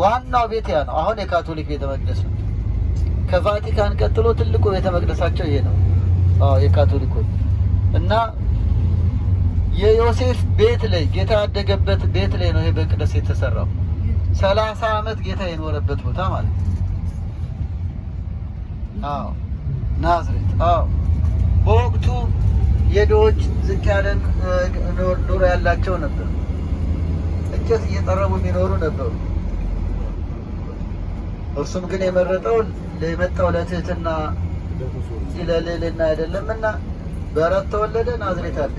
ዋናው ቤት ያ ነው። አሁን የካቶሊክ ቤተ መቅደስ ነው። ከቫቲካን ቀጥሎ ትልቁ ቤተ መቅደሳቸው ይሄ ነው። አዎ የካቶሊኮች እና የዮሴፍ ቤት ላይ ጌታ ያደገበት ቤት ላይ ነው ይሄ መቅደስ የተሰራው። ሰላሳ አመት ጌታ የኖረበት ቦታ ማለት ነው። አዎ ናዝሬት። አዎ በወቅቱ የድሆች ዝቅ ያለን ኑሮ ያላቸው ነበር። እንጨት እየጠረቡ የሚኖሩ ነበሩ። እርሱም ግን የመረጠው ለመጣው ለትህትና ለልዕልና እና በረት ተወለደ ናዝሬት አለ።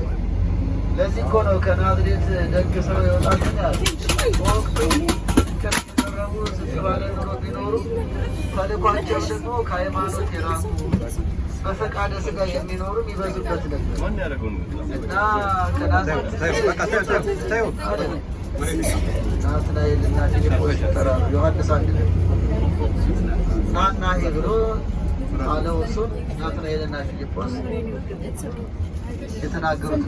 ለዚህ እኮ ነው ከናዝሬት ደግ ሰው ይወጣልናል። ቢኖሩ ተልኳቸው ደግሞ ከሃይማኖት የራሱ በፈቃደ ስጋ የሚኖሩ ይበዙበት ነበር እና ከናዝሬት ናትናኤል እና ፊልጶስ ይጠራሉ ዮሐንስ አንድ ላይ ናና ብሎ ባለውሱን ናትናኤልና ፊልጶስ የተናገሩት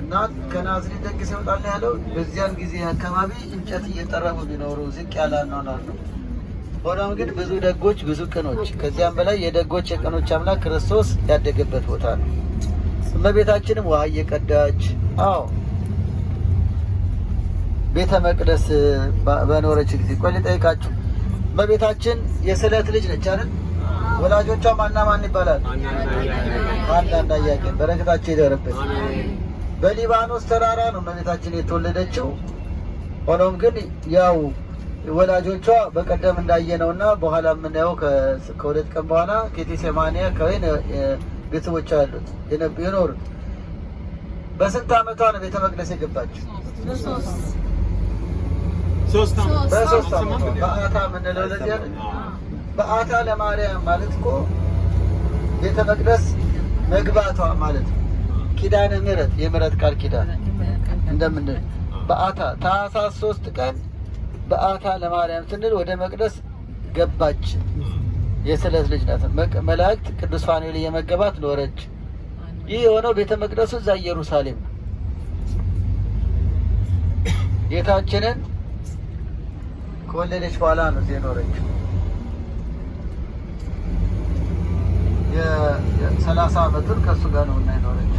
እና ከናዝሬት ደግ ሲወጣል ያለው በዚያን ጊዜ አካባቢ እንጨት እየጠረቡ ቢኖሩ ዝቅ ያለ አኗኗር ነው። ሆኖም ግን ብዙ ደጎች፣ ብዙ ቅኖች፣ ከዚያም በላይ የደጎች የቅኖች አምላክ ክርስቶስ ያደገበት ቦታ ነው። እመቤታችንም ውሃ እየቀዳች አዎ ቤተ መቅደስ በኖረች ጊዜ ቆይ ልጠይቃችሁ። እመቤታችን የስዕለት ልጅ ነች አይደል? ወላጆቿ ማና ማን ይባላል? ሐናና ኢያቄም በረከታቸው ይደርብን። በሊባኖስ ተራራ ነው እመቤታችን የተወለደችው። ሆኖም ግን ያው ወላጆቿ በቀደም እንዳየነውና በኋላ የምናየው ከሁለት ቀን በኋላ ጌቴሴማኒ አካባቢ ቤተሰቦቿ ያሉት የኖሩት። በስንት ዓመቷ ነው ቤተ መቅደስ የገባችው? በሶስት ዓመት በአታ የምንለው ለዚያ በአታ ለማርያም ማለት እኮ ቤተ መቅደስ መግባቷ ማለት ነው። ኪዳነ ምሕረት የምሕረት ቃል ኪዳን እንደምንል በአታ ታኅሳስ ሶስት ቀን በአታ ለማርያም ስንል ወደ መቅደስ ገባች። የስለት ልጅ ናት። መላእክት ቅዱስ ፋኑኤል እየመገባት ኖረች። ይህ የሆነው ቤተ መቅደሱ እዛ ኢየሩሳሌም ነው። ጌታችንን ከወለደች በኋላ ነው የኖረችው። የሰላሳ አመቱን ከእሱ ጋር ነው እና የኖረችው።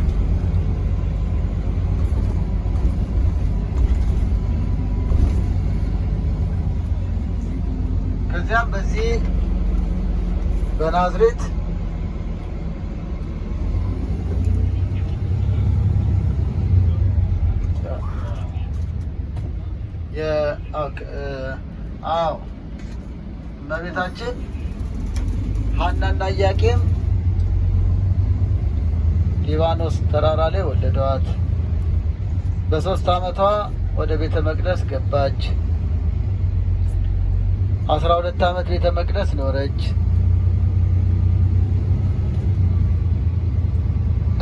ከዚያም በዚህ በናዝሬት አዎ እመቤታችን ሐናና ኢያቄም ሊባኖስ ተራራ ላይ ወለደዋት። በሶስት አመቷ ወደ ቤተ መቅደስ ገባች። አስራ ሁለት አመት ቤተ መቅደስ ኖረች።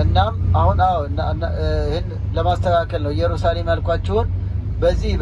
እናም አሁን አዎ ይህን ለማስተካከል ነው ኢየሩሳሌም ያልኳችሁን በዚህ